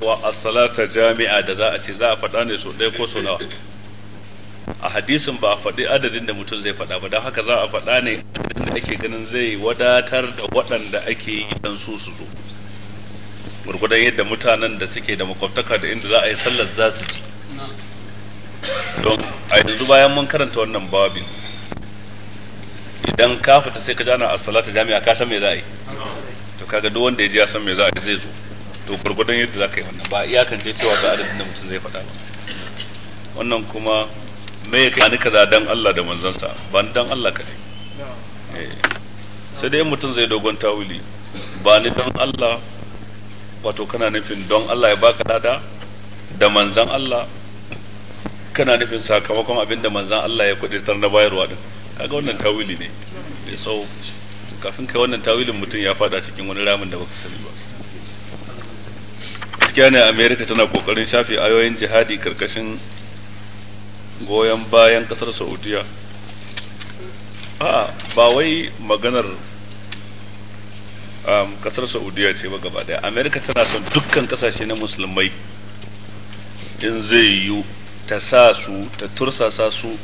wa as-salata jami'a da za a ce za a faɗa ne so ɗaya ko so nawa a hadisin ba a faɗi adadin da mutum zai faɗa ba don haka za a faɗa ne adadin da ake ganin zai wadatar da waɗanda ake yi dan su su zo gurgudan yadda mutanen da suke da makwabtaka da inda za a yi sallar za su ji don a yanzu bayan mun karanta wannan babin idan ka fita sai ka jana a as-salata jami'a ka san me za a yi to kaga duk wanda ya ji ya san me za a yi zai zo to gurgurdan yadda ka yi wannan ba kan cewa ga adadin da mutum zai faɗa ba wannan kuma me ya kai ni kaza dan Allah da manzansa ba ni dan Allah ka eh, sai dai mutum zai dogon tawili ba ni dan Allah wato kana nufin don Allah ya baka lada da manzan Allah kana nufin sakamakon abin da manzan Allah ya kudirtar na bayarwa din kaga wannan tawili ne bai sau kafin kai wannan tawilin mutum ya fada cikin wani ramin da baka sani ba gaskiya ne america tana kokarin shafe ayoyin jihadi karkashin goyon bayan kasar saudiya ba wai maganar um, kasar saudiya ce ba gaba daya america tana son dukkan kasashe na musulmai in zai yiwu ta sa su ta tursasa su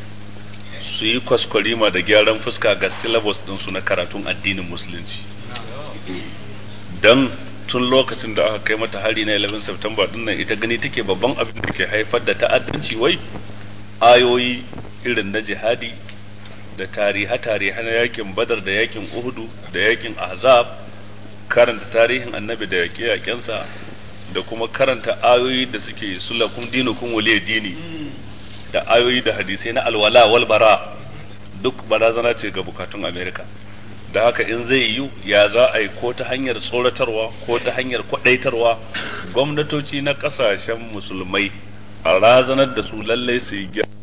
su yi kwaskwarima da gyaran fuska ga syllabus ɗinsu na karatun addinin musulunci don tun lokacin da aka kai mata hari na 11 September din nan ita gani take babban abin da ke haifar da ta'addanci wai ayoyi irin na jihadi da tariha-tariha na yakin Badar da yakin Uhudu da yakin Ahzab karanta tarihin Annabi da yake yakensa da kuma karanta ayoyi da suke sulakum dinukum waliy dini da ayoyi da hadisai na alwala wal bara duk barazana ce ga bukatun America da haka in zai yiwu ya za a yi ko ta hanyar tsoratarwa ko ta hanyar kwadaitarwa gwamnatoci na kasashen musulmai a razanar da su lallai su yi